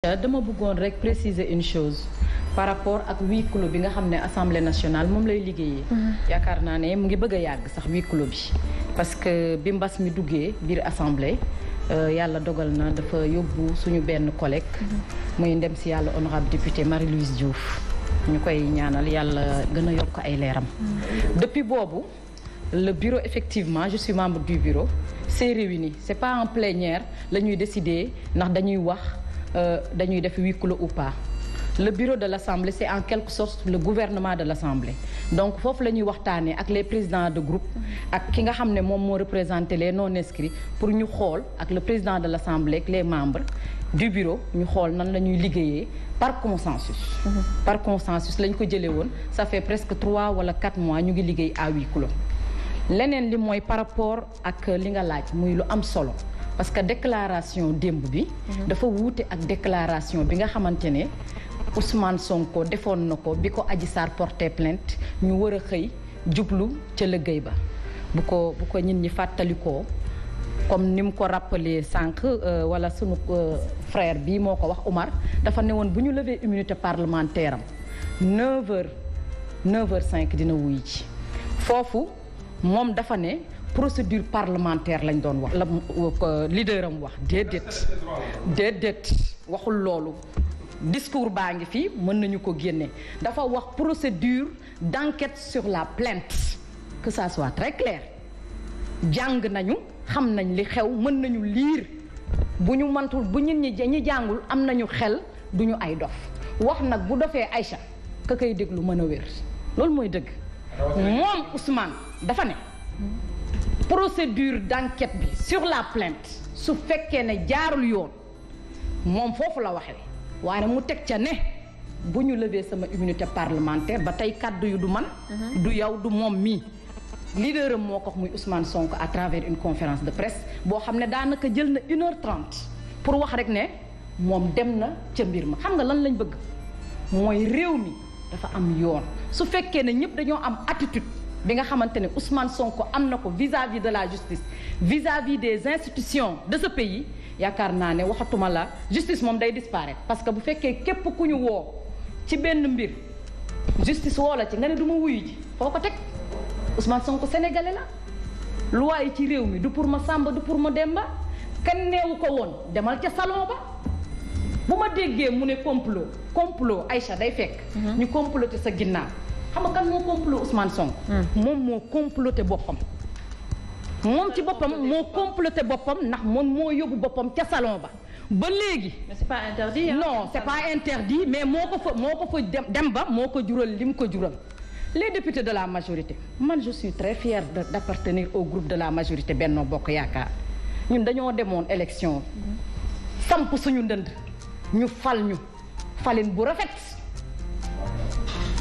Euh, dama bëggoon rek préciser une chose par rapport ak huis clos bi nga xam ne assemblée nationale moom lay liggéeyee. Mhm. yaakaar naa ne mu ngi bëgg a yàgg sax huis clos bi parce que bi mbas mi duggee biir assemblée euh, yàlla dogal na dafa yóbbu suñu benn collègue. Mhm. muy ndem si yàlla honorable député Marie-Louise Diouf ñu koy ñaanal yàlla gën a yokk ay leeram. Mhm. depuis boobu la bureau effectivement je membre du bureau s'est réuni c'est pas en plénière la ñuy décider ndax dañuy wax. Euh, dañuy def huis clos ou pas le bureau de l'assemblée c'est en quelque sorte le gouvernement de l'assemblée donc foofu la ñuy waxtaanee ak les présidents de groupe ak ki nga xam ne moom moo représenter les non inscrits pour ñu xool ak le président de l'assemblée ak les membres du bureau ñu xool nan la ñuy liggéeyee par consensus par consensus lañ ko jëlee woon ça fait presque trois wala quatre mois ñu ngi liggéey à huis clos leneen li mooy par rapport ak li nga laaj muy lu am solo parce que déclaration démb bi. Mhm. dafa wuute ak déclaration bi nga xamante ne Ousmane Sonko defoon na ko bi ko aji Sarr porté plainte ñu war a xëy jublu ca liggéey ba bu ko bu ko nit ñi fàttalikoo. comme ni mu ko rappelé sànq euh, wala sunu euh, frère bi moo ko wax Omar dafa ne woon bu ñu lever immunité parlementaire am 9h 9h05 dina wuy ci foofu moom dafa ne procédure parlementaire lañu doon wax. la euh, leader am wax déedéet. déedéet waxul loolu. discours baa ngi fi mën nañu ko génne dafa wax procédure d'enquête sur la plainte que ça soit très clair jàng nañu xam nañ li xew mën nañu liir bu ñu mantul bu ñun ñi ñi jàngul am nañu xel du ñu ay dof wax nag bu dofee Aïcha ka koy déglu mën a wér loolu mooy dëgg moom Ousmane dafa ne procédure d'enquête bi sur la plainte su fekkee ne jaarul yoon moom foofu la waxee waaye mu teg ca ne bu ñu levee sama immunité parlementaire ba tey kàddu yu du man mhm. du yow du moom mii leader am moo ko wax muy Ousmane sonk à travers une conférence de presse boo xam ne daanaka jël na une heure trente pour wax rek ne moom dem na ca mbir ma xam nga lan lañ bëgg mooy réew mi dafa am yoon su fekkee ne ñëpp dañoo am attitude bi nga xamante ne Ousmane Sonko am na ko vis à de la justice vis-à-vis des institutions de ce pays yaakaar naa ne waxatuma la justice moom day disparaître parce que bu fekkee képp ku ñu woo ci benn mbir justice woo la ci nga ne duma ma wuyu ji foo ko teg Ousmane Sonko sénégalais la loi yi ci réew mi du pour ma Samba du pour ma Demba kenn neewu ko woon demal ca salon ba bu ma déggee mu ne complot complot Aïcha day fekk mm-hmm. ñu comploté sa ginnaaw xam nga kan moo complot Ousmane Sonko. Hmm. moom moo comploté boppam. moom ci boppam moo comploté boppam ndax moom moo yóbbu boppam ca salon ba ba léegi. mais c'est pas interdit non c'est mais moo ko fa moo ko fa dem ba moo ko jural lim ko jural. les députés de la majorité man je suis très fière d'appartenir au groupe de la majorité Benno Bokk Yaakaar ñun dañoo demoon élection hmm. samp suñu ndënd ñu fal ñu falin bu rafet.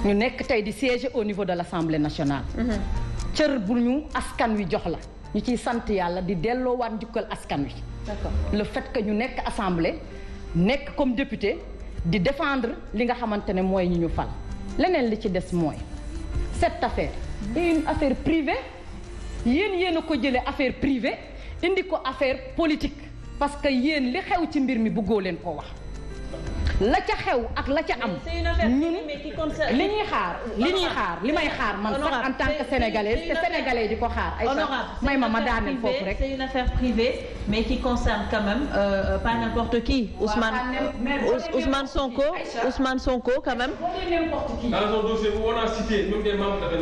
ñu nekk tey di siéger au niveau de l' assemblée nationale. Mm-hmm. cër bu ñu askan wi jox la. ñu ciy sant yàlla di delloo delloowaat njukkal askan wi. le fait que ñu nekk assemblée nekk comme député di défendre li nga xamante ne mooy ñu ñu fal. leneen li ci des mooy cette affaire. est une affaire privée yéen yéen a ko jëlee affaire privée indi ko affaire politique parce que yéen li xew ci mbir mi bëggoo leen ko wax. la ca xew ak la ca am ñun li ñuy xaar li ñuy xaar li may xaar man sax en tant que di ko xaar ay may ma ma daaneel foofu rek c'est une affaire privée mais qui concerne quand même euh, euh pas n'importe qui Ousmane Ousmane Sonko Ousmane Sonko quand même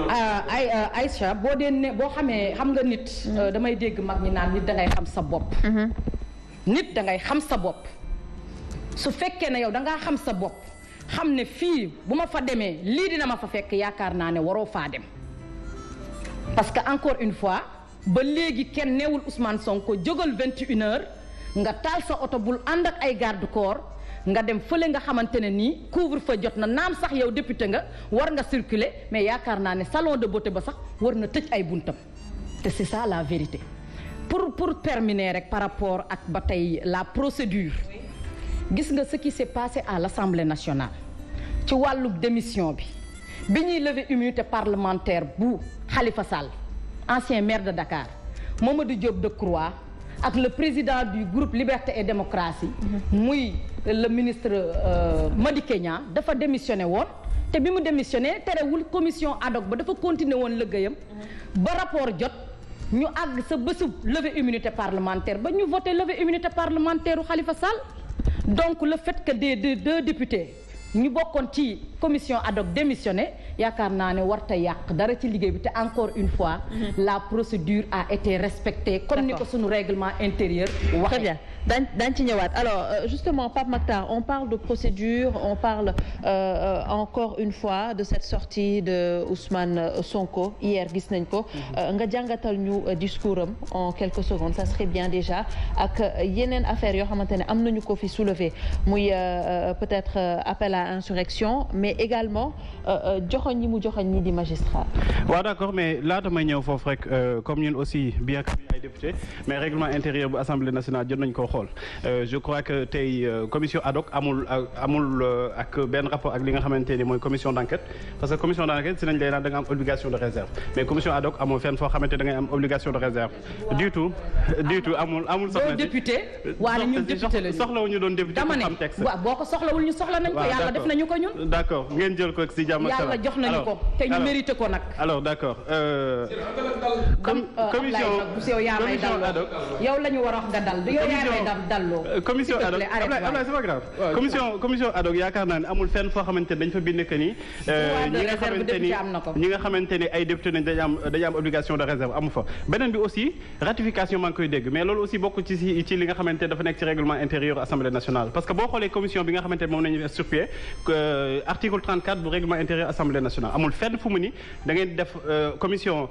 euh, ay euh, Aïcha boo dee ne boo xamee xam nga nit mm-hmm. damay dégg mag ñi naan nit dangay xam sa bopp mm-hmm. nit dangay xam sa bopp su fekkee ne yow da ngaa xam sa bopp xam ne fii bu ma fa demee lii dina ma fa fekk yaakaar naa ne waroo faa dem parce que encore une fois ba léegi kenn neewul Ousmane Sonko jógal 21 heures nga taal sa oto bul ànd ay garde corps nga dem fële nga xamante ne nii couvre fa jot na naam sax yow député nga war nga circuler mais yaakaar naa ne salon de beauté ba sax war na tëj ay buntam te c'est ça la vérité pour pour terminer rek par rapport ak ba tey la procédure. gis nga ce qui s'est passé à l'Assemblée nationale ci wàllu démission bi bi ñuy lever immunité parlementaire bu Khalifa Sall ancien maire de Dakar Mamadou Diop Decroix ak le président du groupe Liberté et Démocratie mhm. muy le ministre euh, Madické Niang dafa démissionné woon te bi mu démissionné terewul commission ad hoc ba dafa continuer woon liggéeyam mhm. ba rapport jot ñu àgg sa bésub lever immunité parlementaire ba ñu voté lever immunité parlementaire u Khalifa Sall donc le fait que des deux, deux députés ñu bokkoon ci commission ad hoc démissionné yaakaar naa ne warta yàq dara ci liggéey bi te encore une fois. Mm-hmm. la procédure a été respectée. comme ni ko suñu règlement intérieur waxee. daañ daañ ci ñëwaat alors euh, justement Pape Makhtar on parle de procédure on parle euh, euh, encore une fois de cette sortie de Ousmane euh, Sonko hier gis nañ ko mhm. nga jàngatal ñu discours am en quelques secondes ça serait bien déjà ak yeneen affaire yoo xamante ne am nañu ko fi soulever muy peut-être appel à insurrection mais également joxoñ yi mu joxoñ ñi di magistrat waaw d'accord mais laata may ñëw foofu rek comme ñun aussi bien que ay député mais règlement intérieur xool euh, je crois que tey euh, commission ad hoc amul euh, amul ak benn rapport ak li nga xamante ni mooy commission d' enquête parce que commission d' enquête si nañ lay naan da am obligation de réserve mais commission ad hoc amul fenn foo xamante da ngay am obligation de réserve du tout du tout amul amul député waaw ñun député la soxlawuñu doon ko ñun d' accord ngeen jël ko si jàmm yàlla jox nañu ko te ñu mérité ko nag alors d' accord commission commission ad hoc yow la ñu war a dal Euh, commission commission commission yaakaar naa ne amul fenn foo xamante dañ fa bind que ni. Euh, ñi nga xamante ay député nañ dañu am obligation de réserve amu fa. beneen bi aussi ratification maa koy dégg mais loolu aussi bokk ci li nga xamante dafa nekk ci règlement intérieur assemblée nationale parce que boo xoolee commission bi nga xamante moom nañu def sur pied euh, article bu règlement intérieur assemblée nationale amul fenn fu mu ni da ngeen def commission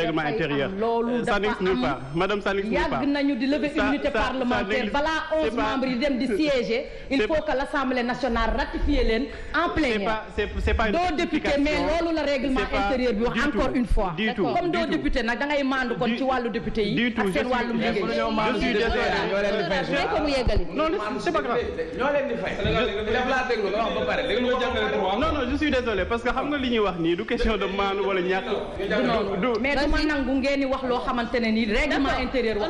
règlement intérieur. loolu euh, dafa am madame Sanix yàgg nañu di lever immunité parlementaire balaa onze membres yi dem di siéger. il faut que l' nationale ratifie leen en plénière. doo député mais loolu la règlement intérieur bi wax encore une fois. comme doo député nag da maandu kon ci wàllu député yi. ak wàllum liggéey. je suis désolé parce que xam nga li wax nii du question de maandu wala ñàkk. du mais du ma ngeen wax loo xamante ne nii règlement intérieur bu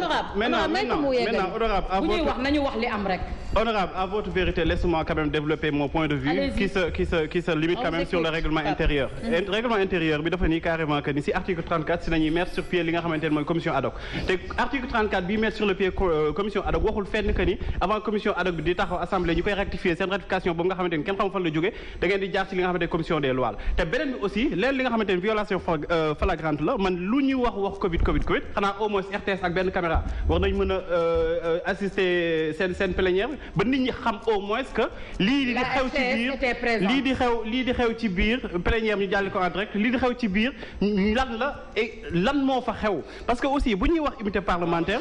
ñuy wax nañu wax li am rek honorable à vérité laissez-moi développer mon point de vue qui se qui se qui se sur le règlement intérieur règlement intérieur bi dafa carrément que si article 34 si nañuy mettre sur pied li nga xamante mooy commission ad hoc te article 34 bi mettre sur le pied euh, commission ad hoc waxul fenn que ni avant commission ad hoc bi lu ñuy wax wax Covid Covid Covid xanaa au moins RTS ak benn caméra war nañ mën a euh, euh, assister seen plénière ba nit ñi xam au moins que. lii di xew ci biir lii di xew ci biir plénière ñu jàll ko en direct lii di xew ci biir lan la et lan moo fa xew parce que aussi bu ñuy wax immunité parlementaire.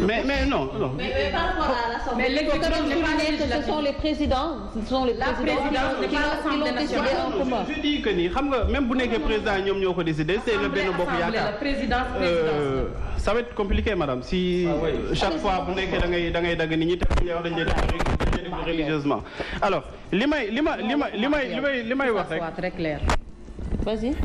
mais mais non non. mais mais léegi ce sont les présidents ce sont les présidents qui l'ont décidé en commun. bu nekkee président ñoom ñoo ko décidé. c'est le benn bokk yaakaar euh, ça va être compliqué madame si. Ah chaque fois bu nekkee da ngay da ngay dagg nit ñi te bu ñu alors li may li ma li ma li may li may wax rek.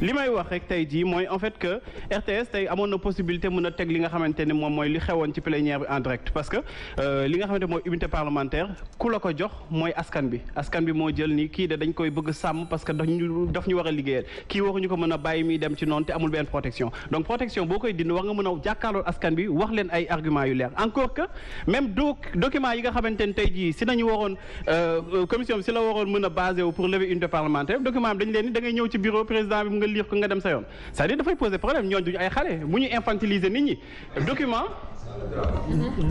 li may wax rek tey jii mooy en fait que RTS tey amoon na possibilité mën a teg li nga xamante ne moom mooy li xewoon ci plénière bi en direct parce que euh, li nga xamante mooy unité parlementaire ku la ko jox mooy askan bi askan bi moo jël ni kii de dañ koy bëgg sàmm parce que daf ñu daf ñu war a liggéeyal kii waruñu ko mën a bàyyi muy dem ci noonu te amul benn protection donc protection boo koy dindi war nga mën a jàkkaarloo askan bi wax leen ay argument président bi nga liir ko nga dem sa yoon c'est-à-dire dafay poser problème ñooñu duñu ay xale bu ñu infantiliser nit ñi document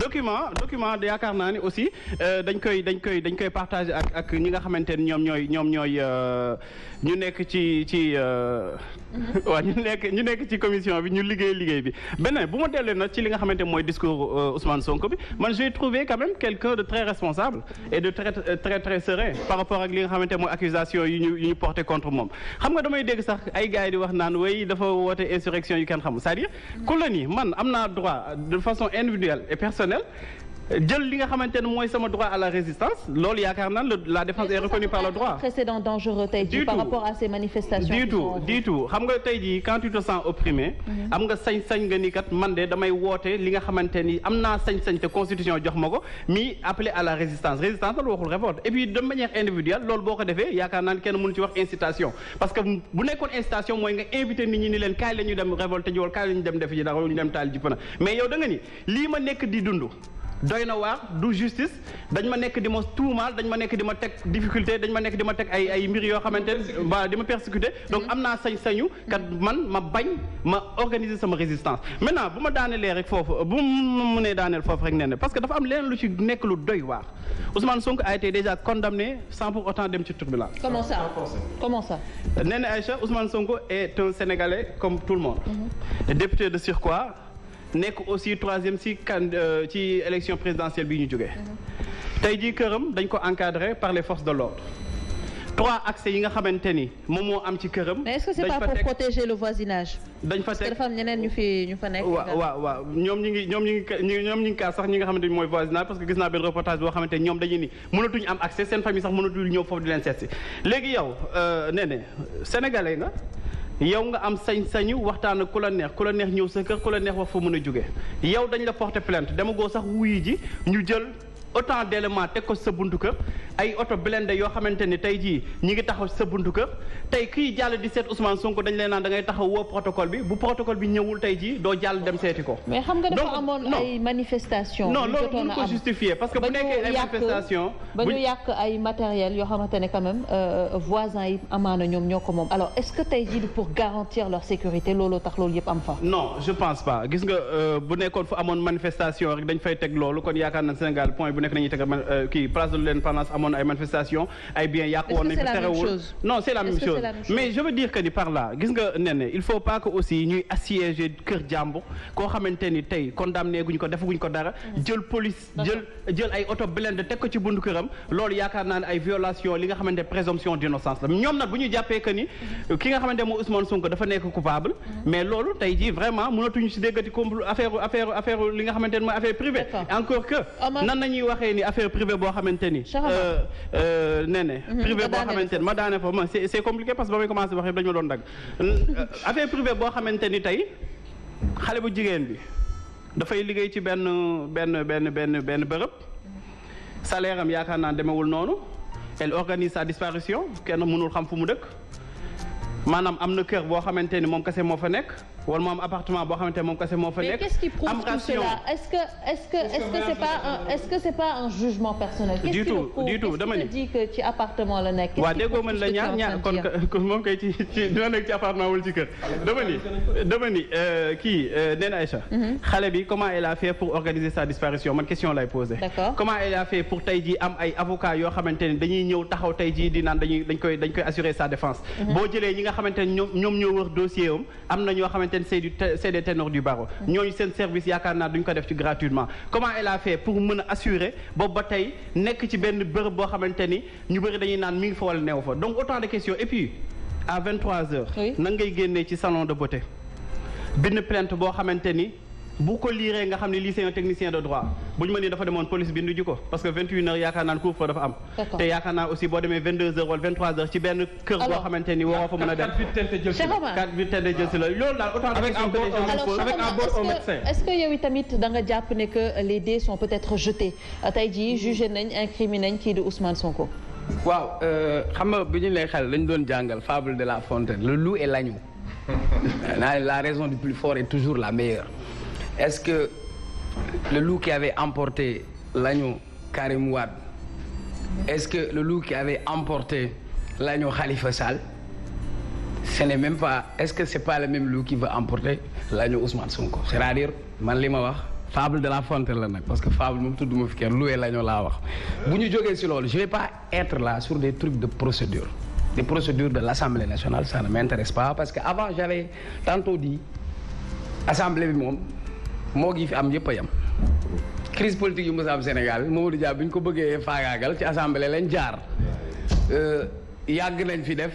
document document yaakaar naa ni aussi euh, dañ koy dañ koy dañ koy partager ak ak ñi nga xamante ne ñoom ñooy ñoom ñooy euh, ñu nekk ci ci euh, Mm-hmm. waaw ñu nekk ñu nekk ci commission bi ñu liggéey liggéey bi beneen bu ma dellee nag ci li nga xamante mooy discours euh, Ousmane Sonko bi man j'ai trouvé quand même quelqu'un de très responsable et de très très serein par rapport ak li nga xamante mooy accusation yu ñu yu ñu porté contre moom xam nga damay dégg sax ay gars yi wax naan way dafa woote insurrection yu kenn xamul c'est-à-dire ku man am naa droit de façon individuelle et personnelle jël li nga xamante ne mooy sama droit à la résistance loolu yaakaar naan la défense est reconnue par le droit. précédent xam nga tey ji quand tu te sens opprimé. Mhm. am nga sañ-sañ nga ni kat man de damay woote li nga xamante ni am naa sañ-sañ te constitution jox ma ko mi appelé à la résistance résistance loolu waxul révolte et puis de manière individuelle boo ko defee yaakaar naan kenn mënu ci wax incitation parce que bu nekkoon incitation mooy nga invité nit ñi ni leen kaay ñu doy na waar du justice dañ ma nekk di ma tuumaal dañ ma nekk di ma teg difficulté dañ ma nekk di ma teg ay ay mbir yoo xamante waa di ma persécuté donc am naa sañ-sañu kat man ma bañ ma organiser sama résistance maintenant bu ma daanelee rek foofu bu mu mënee daaneel foofu rek nee na parce que dafa am leen lu ci nekk lu doy waar Ousmane Sonko a été déjà condamné sans pour autant dem ci tribunal. comment ça comment ça. Euh, nee na Aïcha Ousmane Sonko est un Sénégalais comme tout le monde. Mm-hmm. député nekk aussi troisième ci kan euh, ci élection présidentielle bi ñu jógee. Mhm. tey jii këram dañ ko encadré par les forces de l'ordre trois accès yi nga xamante ni moom moo am ci këram. mais est-ce que c'est pas pour protéger le voisinage. dañ fa ñeneen ñu fi ñu fa nekk. waaw waaw waaw ñoom ñu ngi ñoom ñu ngi ñoom ñu ngi kaas sax ñi nga xamante ni mooy voisinage parce que gis naa benn reportage boo xamante ni ñoom dañuy ni mënatuñu am accès seen famille sax mënatul ñëw foofu di leen seet si léegi euh, nee na sénégalais nga. yow nga am sañ-sañu waxtaan ak ku la neex ku la neex ñëw sa kër ku la neex wax foo mën a jóge yow dañ la porter plainte demagoo sax wuyu ji ñu jël autant d'éléments teg ko sa buntu kër ay oto yoo xamante ni tey jii ñi ngi taxaw sa buntu kër tey kii jàll di seet Ousmane Sonko dañ leen naan da ngay taxaw woo protocole bi bu protocole bi ñëwul tey jii doo jàll dem seeti ko. mais xam nga dafa amoon ay parce que bu nekkee ay manifestations. ba yoo xamante ne quand même euh, euh, voisins yi tey jii pour garantir leur sécurité looloo tax loolu yëpp am fa. non je pense pas gis euh, manifestation rek loolu kon yaakaar na Sénégal point bu nekk nañuy teg euh, kii place de l'indépendance amoon ay manifestation ay bien yàqu woon nañu terewul teg ko ci buntu këram loolu yaakaar naa ay violation li nga xamante présomption d'innocence la ñoom nag bu ñu jàppee que mm-hmm. ki nga xamante moo Ousmane Sonko dafa nekk coupable mm-hmm. mais loolu tey jii vraiment mënatuñu ci déggati complot affaire affaire li nga xamante mooy affaire privée encore que nan nañuy waxee ni affaire privée boo xamante ni. Euh, euh, nee ne mhm, privé boo xamante ni ma daane fa ma c'est c'est compliqué parce que ba may commencé waxee dañu ma doon dagg. Euh, affaire privée boo xamante ni tey xale bu jigéen bi dafay liggéey ci benn benn benn benn benn bërëb saleeram yaakaar naa demewul noonu elle organise sa disparition kenn mënul xam fu mu dëkk maanaam am na kër boo xamante ni moom kese moo fa nekk. wala moom appartement boo xamante moom kese moo fa nekk. mais qu'est-ce qui prouve tout cela est la nekk. waaw déggoo ñaar kon moom kay ci ci nekk ci appartement wala ci ni dama ni euh, kii euh, nee na Aïcha. Mhm. xale bi comment elle a fait pour organiser sa disparition man question lay poser. comment elle a fait pour tey jii am ay avocats yoo xamante dañuy ñëw taxaw tey jii di dañuy assurer sa défense. Mhm. boo jëlee ñi nga xamante ñoom ñoom wër dossier am am na ñoo xamante ne c'est du c'est des ténors du barreau mm. ñooñu seen service yaakaar naa duñ ko def ci gratuitement comment elle a fait pour mën a assurer boobu tey nekk ci benn bërëb boo xamante ni ñu bëri dañuy naan mi ngi fa wala neew fa donc autant de questions et puis à 23 heures nan ngay ci salon de beauté benn plainte boo xamante ni bu ko liiree nga xam ne lii c'est un technicien de droit bu ñu mënee dafa demoon police bindu ji ko parce que yaakaar naa ne couvre-feu am. te yaakaar naa aussi boo demee 22 wala 23 ci benn kër boo xamante ni waroo fa mën a avec un bord au médecin. est-ce que yow tamit da nga jàpp ne que les dés sont peut-être jetés tey jii nañ incriminé kii di Ousmane Sonko. waaw euh, xam nga bi ñu lay xel dañu doon jàngal fable de la fontaine le loup et l'agneau la est toujours la meilleure. est-ce que le loup qui avait emporté l'agneau Karim est-ce que le loup qui avait emporté l'agneau Khalifa Sall ce n'est même pas est-ce que c'est pas le même loup qui va emporter l'agneau Ousmane Sonko c'est-à-dire man li ma wax fable de la fontaine la nag parce que fable moom tudduma fi kenn loué l'agneau laa wax bu ñu jógee ci loolu je vais pas être là sur des trucs de procédure des procédures de l'Assemblée nationale ça ne m'intéresse pas parce que avant j'avais tantôt moo gi fi am yëpp a yam crise politique yu mës a am Sénégal Mamadou Dia bi ñu ko bëggee faagaagal ci assemblée lañ jaar euh, yàgg nañ fi def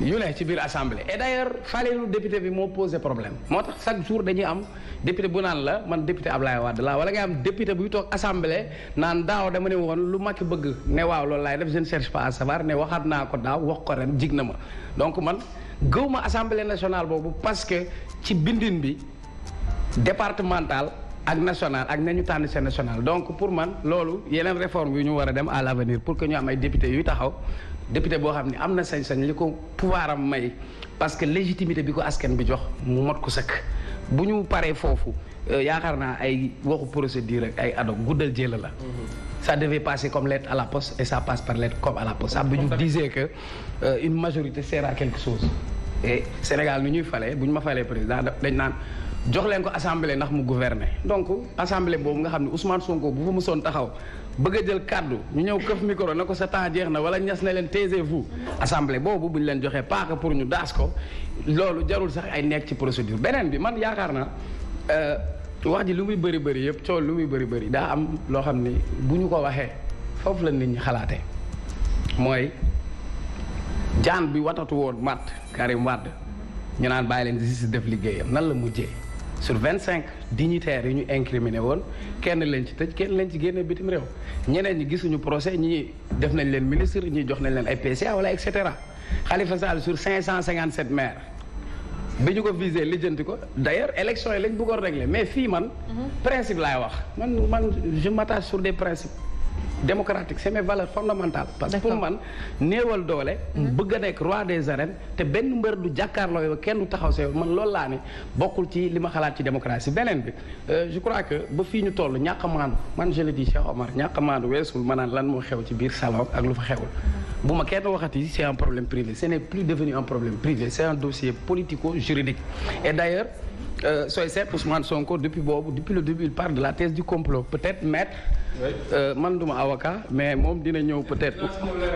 yu ne ci biir assemble et d' ailleurs faleelu bi moo posé problème moo tax chaque jour dañuy am député bu naan la man député Ablaye Wade laa wala ngay am député buy toog assemble naan daaw dama ne woon lu ki bëgg ne waaw loolu laay def je ne cherche pas à savoir ne waxaat naa ko daaw wax ko ren jig na ma donc man gëw ma assemblée nationale boobu parce que ci bindin bi. départementale ak national ak nañu tànn seen national donc pour man loolu yeneen réforme yu ñu war a dem à l' avenir pour que ñu am ay député yuy taxaw député boo xam ne am na sañ-sañ li ko pouvoir am may parce que légitimité bi ko askan bi jox mu mot ko sëkk bu ñu paree foofu euh, yaakaar naa ay waxu procédure ay ado guddal jéela la ça devait passer comme lettre à la poste et ça passe par lettre comme à la poste Abdou Diouf disait que euh, une majorité sert à quelque chose Sénégal nu ñuy falee bu ñu ma falee président dañ naan jox leen ko assemblée ndax mu gouverner donc assemblée boobu nga xam ne Ousmane Sonko bu fa mësoon taxaw bëgg a jël kàddu ñu ñëw këf micro na ko sa temps jeex na wala ñas na leen taisez-vous assemblée boobu bu ñu leen joxee paaka pour ñu daas ko loolu jarul sax ay nekk ci procédure beneen bi man yaakaar na euh, wax ji lu muy bëri bëri yëpp coow lu muy bëri bëri daa am loo xam ni bu ñu ko waxee foofu la nit ñi xalaatee jaan bi watatu woon Matt Karim Wade ñu naan bàyyi leen justice def liggéeyam nan la mujjee sur vingt cinq dignitaires yi ñu incriminé woon kenn leen ci tëj kenn leen ci génne bitim réew ñeneen ñi gisuñu procès ñii def nañ leen ministre ñii jox nañ leen ay PCA wala et cetera Khalifa Sall sur cinq cent cinquante sept maires bi ñu ko visé lijjanti ko d'ailleurs élection yi lañ bëggoon régler mais fii man mhm. principe laay wax man man je m'attache sur des principes démocratique c'est mes valeurs fondamentales parce que pour man néewal doole mhm. bëgg a nekk roi des arènes te benn mbër du jàkkaarloo kenn taxaw sa man lool laa ne bokkul ci li ma xalaat ci démocratie beneen bi euh, je crois que ba fi ñu toll ñàkk a maandu man je le dis Cheikh Omar ñàkk a maandu weesul ma lan moo xew ci biir salon ak lu fa xewul bu ma kenn waxati c'est un problème privé ce n'est plus devenu un problème privé c'est un dossier politico-juridique et d'ailleurs Euh, sooy seet Ousmane Sonko depuis boobu depuis le début il parle de la thèse du complot peut-être maître euh, man duma avocat mais moom dina ñëw peut-être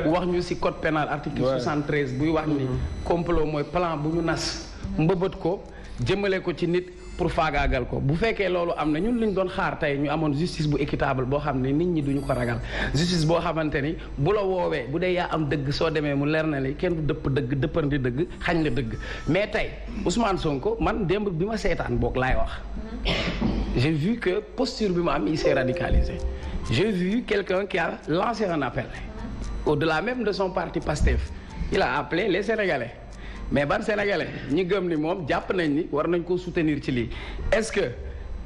wax ñu ci code pénal article 73 buy wax ni mm-hmm. complot mooy plan bu ñu nas mbëbët ko jëmale ko ci nit pour faagaagal ko bu fekkee loolu am na ñun liñ doon xaar tey ñu amoon justice bu équitable boo xam ne nit ñi duñu ko ragal justice boo xamante ni bu la woowee bu dee yaa am dëgg soo demee mu leer na li kenn du dëpp dëgg dëppandi dëgg xañ la dëgg mais tey Ousmane Sonko man démb bi ma seetaan boog laay wax je vu que posture bi ma am il s'est je j'ai vu quelqu'un qui a lancé un appel au-delà même de son parti PASTEF il a appelé les Sénégalais mais ban sénégalais ñi gëm ni moom jàpp nañ ni war nañ ko soutenir ci lii est-ce que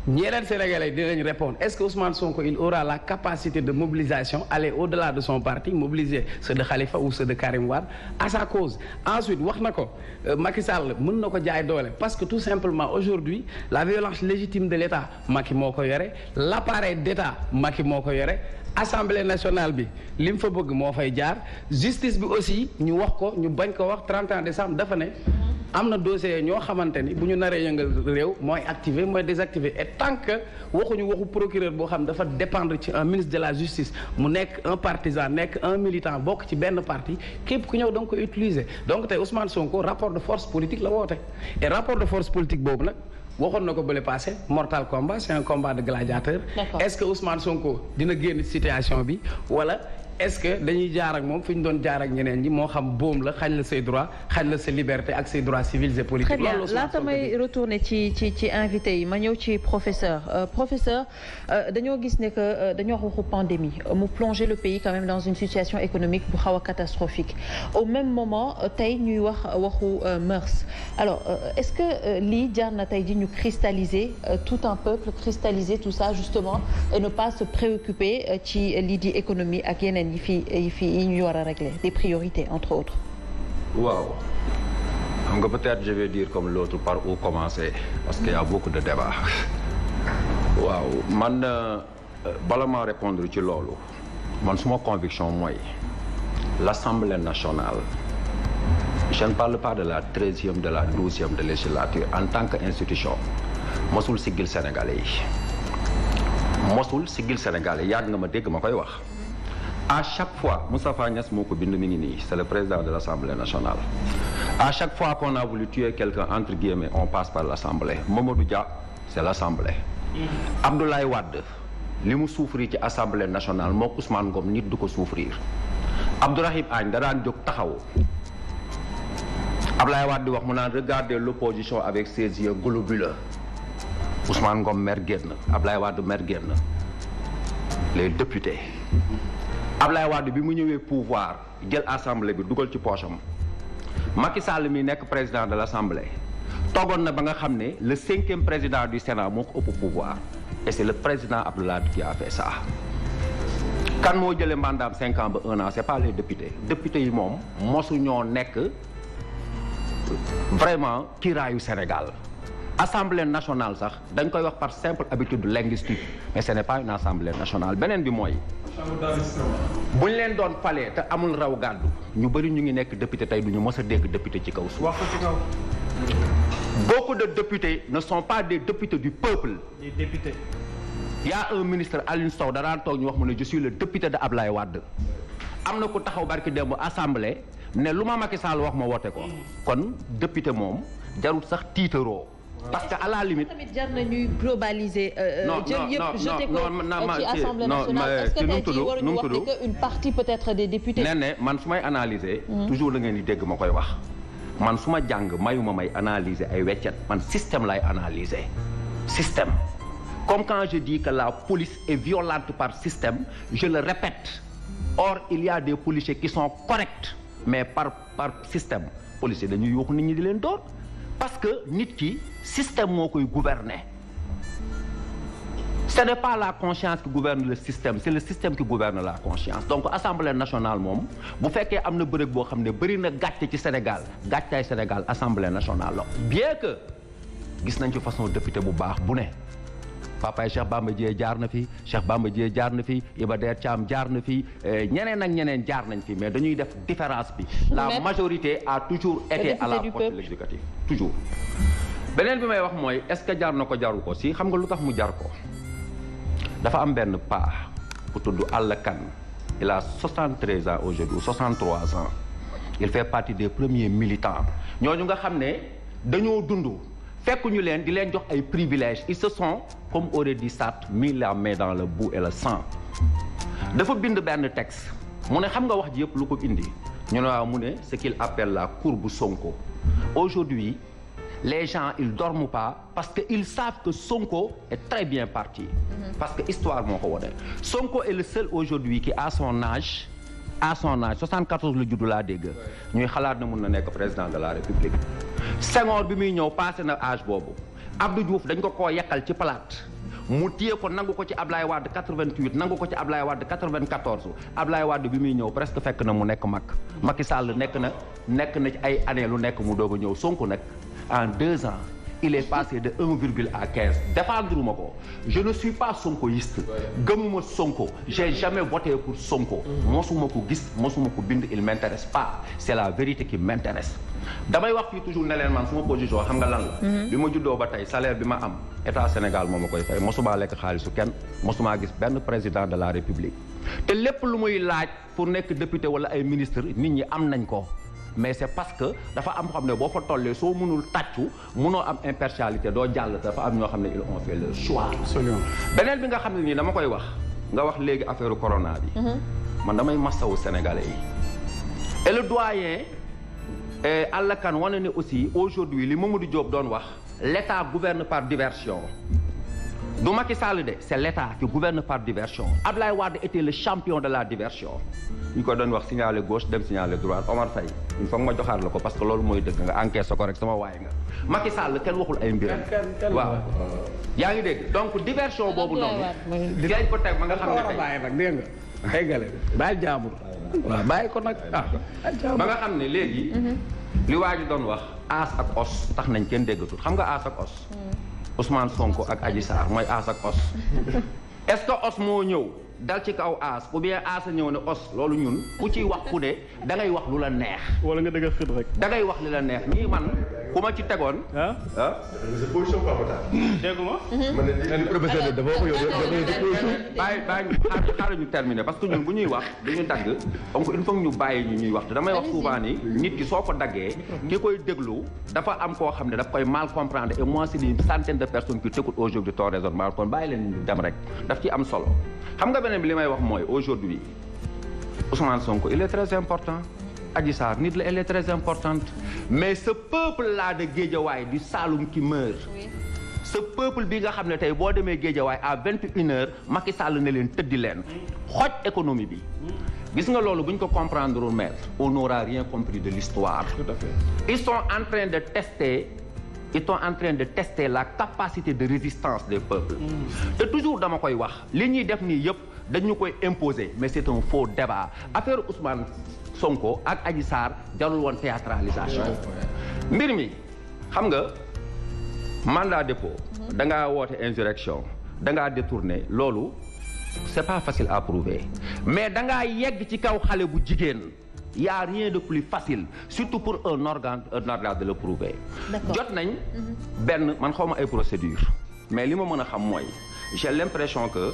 ñeneen sénégalais dinañ répondre est-ce que Ousmane Sonko il aura la capacité de mobilisation aller au-delà de son parti mobiliser ceux de Khalifa ou ceux de Karim Wade à sa cause ensuite wax na ko euh, Macky Sall mën na ko jaay doole parce que tout simplement aujourd'hui la violence légitime de l'État Macky moo ko yore l'appareil d'État Macky moo ko yore assemblée nationale bi li mu fa bëgg moo fay jaar justice bi aussi ñu wax ko ñu bañ ko wax 31 décembre dafa ne am na dossier ñoo xamante ni bu ñu naree yëngal réew mooy activé mooy désactivé et tant que waxuñu waxu procureur boo xam dafa dépendre ci un ministre de la justice mu nekk un partisan nekk un militant bokk ci benn parti képp ku ñëw da nga ko utiliser donc tey Ousmane Sonko rapport de force politique la woote et rapport de force politique boobu nag waxoon na ko bële passé mortal combat c'est un combat de gladiateur. est-ce que Ousmane Sonko dina génn situation bi wala. est-ce que dañuy jaar moom fi ñu doon jaar ak moo xam boom la xañ la say droit xañ la sa liberté ak say droits civils et politiques. la laata may retourner ci ci ci invité yi ma ñëw ci professeur euh, professeur euh, dañoo gis ne que euh, dañoo wax waxu pandémie mu plonger le pays quand même dans bu xaw a catastrophique au même moment tey ñuy wax waxu mœurs alors ce que lii jaar na tey ji ñu cristalliser tout un peuple cristalliser tout ça justement et ne pas se préoccuper ci lii di économie ak yeneen. yi fi yi fi yi ñu war a régler des priorités entre autres. waaw xam nga peut-être je vais dire comme l'autre par où commencer parce que y mm. de débats. waaw man euh, bala maa répondre ci loolu man suma conviction mooy l'Assemblée nationale je ne parle pas de la treizième de la douzième de législature en tant qu'institution mosul siggil Sénégalais yi mosul siggil Sénégalais yàgg nga ma dégg ma koy wax à chaque fois Moustapha Niass moo ko bind mi ngi nii c'est le président de l'Assemblée nationale à chaque fois qu'on a voulu tuer quelqu'un entre guillemets on passe par l'Assemblée du Dia c'est l'Assemblée mm. Abdoulaye Wade li mu souffrir ci Assemblée nationale moo Ousmane Ngom nit du ko souffrir Abdourahim Agne da daan taxaw Abdoulaye di wax mu naan regarder l'opposition avec ses yeux globuleux Ousmane Ngom mer génn Abdoulaye Wade mer génn les députés Ablaye Wade bi mu ñëwee pouvoir jël assemblée bi dugal ci poche am Macky Sall mi nekk président de l' assemblée toogoon na ba nga xam ne le cinquième président du Sénat moo ko ëpp pouvoir et c' est le président Abdoulaye Wade qui a fait ça. kan moo jëlee mandat cinquant cinq ba un an c' est pas les députés yi moom mosu ñoo nekk vraiment kiiraayu Sénégal. assemblée nationale sax dañ koy wax par simple habitude linguistique mais ce n' est une assemblée nationale beneen bi mooy. bu ñu leen doon pale te amul raw gàddu ñu bëri ñu ngi nekk député tey du ñu mës a dégg député ci kaw suuf. beaucoup de députés ne sont pas des députés du peuple. des députés. y a un ministre Alioune toog ñu wax mu ne je suis le député ab Ablaye wàdd am na ko taxaw barki démb assemblée ne lu ma Macky Sall wax ma woote ko. Mm. kon député moom jarul sax tiitaroo. parce que à la limite. tamit jar na ñuy globaliser. Euh, euh, jël yëpp jeté ko ci assemblée nationale est-ce que tey jii waruñu wax que une partie peut-être des députés. nee na man su may analyser. Hmm. toujours la ngeen di dégg ma koy wax. man su ma jàng mayuma may analyser ay weccet man système lay analyser système. comme quand je dis que la police est violente par système je le répète or il y a des policiers qui sont corrects mais par par système policiers dañuy yuuxu nit ñi di leen door parce que nit ki système moo koy gouverner ce n'est pas la conscience qui gouverne le système c'est le système qui gouverne la conscience donc assemblée nationale moom bu fekkee am na bërëb boo xam ne bëri na gàcce ci Sénégal gàccaay Sénégal assemblée nationale la bien que gis nañ ci façon député bu baax bu ne papaay Cheikh Bamba Dieye jaar na fi Cheikh Bamba Dieye jaar na fi Iba Der am jaar na fi eh, ñeneen ak ñeneen jaar nañ fi mais dañuy def différence bi la majorité a toujours été à la porte de l'exécutif toujours beneen bi may wax mooy est-ce que jar na ko jaru ko si xam nga lu tax mu jar ko dafa am benn paa bu tudd Alla Kane il a 73 ans aujourd'hui 63 ans il fait partie des premiers militants ñooñu nga xam ne dañoo dund fekkuñu leen di leen jox ay privilèges ils se sont comme aurait dit Sartre mis la main dans le boue et le sang dafa bind benn texte mu ne xam nga wax ji yëpp lu ko indi ñu ne waaw mu ne ce qu'il appelle la bu Sonko aujourd'hui les gens ils dorment pas parce que ils savent que Sonko est très bien parti mm-hmm. parce que histoire moo ko wone Sonko est le seul aujourd'hui qui à son âge à son âge 74 la juddu laa dégg ñuy xalaat na mun na nekk président de la République Senghor bi muy ñëw passé na âge boobu Abdou juuf dañ ko koo yekkal ci palaat mu téye ko nangu ko ci Ablaye Wade 88 nangu ko ci Ablaye Wade 94 Ablaye Wade bi muy ñëw presque fekk na mu nekk mag Macky Sall nekk na nekk na ci ay année lu nekk mu doog a ñëw Sonko nag en deux ans. il est passé de 1 virgule à 15 défendre ma ko je ne suis pas sonkoïste gëmuma sonko j'ai jamais voté pour sonko mosuma ko gis mosuma ko bind il m'intéresse pas c'est la vérité ki m'intéresse damay wax fii toujours ne leen man suma position xam nga lan la mhm. bi ma juddoo ba tey salaire bi ma am état Sénégal moom ma koy fay mosumaa lekk xaalisu kenn mosumaa gis benn président de la république te lépp lu muy laaj pour nekk député wala ay ministre nit ñi am nañ ko mais c'est parce que dafa am xam ne boo fa tollee soo mënul tàccu mënoo am impartialité doo jàll dafa am ñoo xam ne ils ont fait le choix. beneen bi nga xam ne nii dama koy wax nga wax léegi affaire korona bi. Mhm. man damay masawu sénégalais yi. et le doyen Alla Kane wane ne aussi aujourd'hui li ma di jóob doon wax létat état gouverne par diversion. du maki Sall de c'est l'état qui gouverne par diversion Ablaye Wade était le champion de la diversion ñu ko doon wax signalé gauche dem signalé droite Omar Faye il faut ma joxaat la ko parce que loolu mooy dëgg nga encaissé ko rek sama waay nga Macky Sall kenn waxul ay mbiram waaw yaa ngi dégg donc diversion boobu noonu gañ ko teg ma nga xam ne tey bàyyi nag nga eggale bàyyi jaamur waaw bàyyi ko nag ah ba nga xam ne léegi mhm. li waa ji doon wax aas ak os tax nañ kenn déggatul xam nga aas ak os mhm. Ousmane Sonko ak Adji Sarr mooy aas os est-ce que os moo ñëw. dal ci kaw aas ou bien aas a ñëw ne os loolu ñun ku ciy wax ku de da wax lu la neex. wala nga dëgg xët rek. da ngay wax li la neex nii man ku ma ci tegoon. ah ah. position dégg mm-hmm. ma. man de professeur dafa wax yow bàyyi bàyyi xaaral ñu terminer parce que ñun bu ñuy wax dañu dagg donc il faut ñu bàyyi ñu ñuy wax damay wax souvent ni nit ki soo ko daggee. ki koy déglu dafa am koo xam ne daf koy mal comprendre et moi c'est une centaine de personnes qui t'écoutent aujourd'hui ton raisonnement kon bàyyi leen dem rek daf ci am solo beneen bi li may wax mooy aujourd'hui Ousmane Sonko il est très important Adji Sarr nit la elle est très important mais ce peuple là de Guédiawaye du Saloum qui meurt ce peuple bi nga xam ne tey boo demee Guédiawaye à vingt et une heures Macky Sall na leen tëddi leen xoj économie bi gis nga loolu bu ñu ko comprendre maître on n'aura rien compris de l'histoire tout à fait en train de tester ils sont en train de tester la capacité de résistance des peuples mm. te toujours dama koy wax li ñuy def nii yëpp dañu koy imposer mais c'est un faux débat affaire Ousmane Sonko ak Adji Sarr jarul woon théâtralisation mbir mi xam nga mandat depo mhm. da ngaa woote insurrection da ngaa détourné loolu c'est pas facile à prouver mais da ngaa yegg ci kaw xale bu jigéen y a rien de plus facile surtout pour un organe un organe de le prouver jot nañ mhm. benn man xaw ma ay procédure mais li ma mën a xam mooy j'ai l'impression que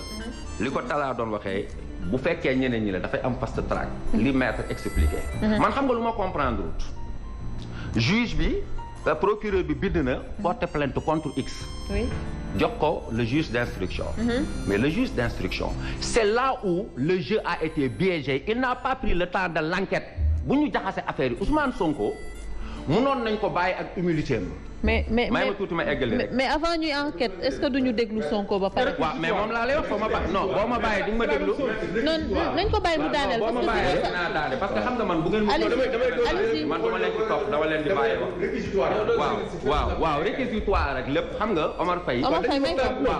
li ko talaa doon waxee bu fekkee ñeneen ñi la dafay am fast track mhm. li maître expliqué mhm. man xam nga lu ma comprendre wut juge bi euh, procureur bi bind na mhm. porte plainte contre x oui jox ko le juge d'instruction mais le juge d'instruction c'est là où le jeu a été biaisé il n'a pas pris le temps de l'enquête bu ñu jaxase affaire yi Ousmane Sonko mënoon nañ ko bàyyi ak humilité am mais mais mais tuuti ma eggale rek mais avant ñuy enquête est ce que duñu déglu Sonko ba pare. waaw mais moom laa lay wax foo ma ba non boo ma bàyyi di ma déglu. non nañ ko bàyyi man bu ngeen. leen di topp dama leen di bàyyi wax. waaw waaw waaw réquisitoire rek lépp xam nga Omar Faye. Omar Faye may topp Omar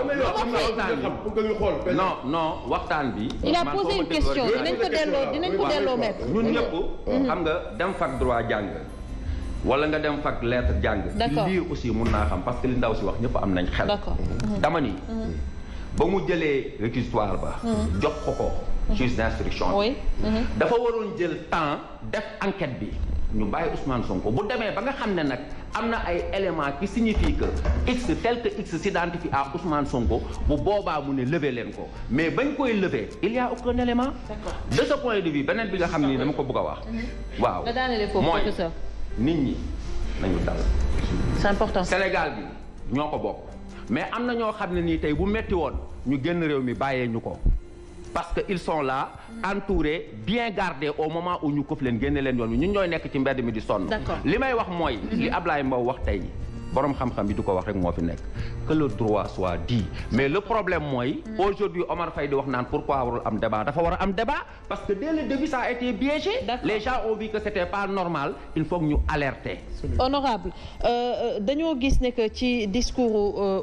non non waxtaan bi. il a posé une question dinañ ko delloo dinañ ko delloo maître. ñun ñëpp mm-hmm. xam nga dem fac droit jàng. wala nga dem fag lettre jàng. lii aussi mun naa xam parce que li ndaw si wax ñëpp am nañ xel. Mhm. dama ni. Mhm. ba mu jëlee réquisitoire ba. Mhm. jox ko ko. juge d'instruction bi. dafa waroon jël temps def enquête bi. ñu bàyyi Ousmane Sonko bu demee ba nga xam ne nag am na ay éléments qui signifie que x tel que x s'identifie à Ousmane Sonko bu boobaa mu ne lever leen ko mais bañ koy lever il y a aucun élément. de ce point de vue beneen bi nga xam ni dama ko bëgg a wax. nit ñi nañu dal. c'est important bi ñoo ko bokk mais am na ñoo xam ne nii tey bu metti woon ñu génn réew mi bàyyee ñu ko parce que ils sont là entourés bien gardés au moment u ñu këf leen génne leen yoon bi ñun ñooy nekk ci mbedd mi di sonn. li may wax mooy. li laay Mbow wax tey. borom xam-xam yi di ko wax rek moo fi nekk que le droit soit dit mais le problème mooy aujourd'hui Omar Faye di wax naan pourquoi warul am débat dafa war a am débat parce que dès le a été biaisé les gens ont que c'était pas normal il faut que ñu honorable euh, euh, dañoo gis ne ci discours euh,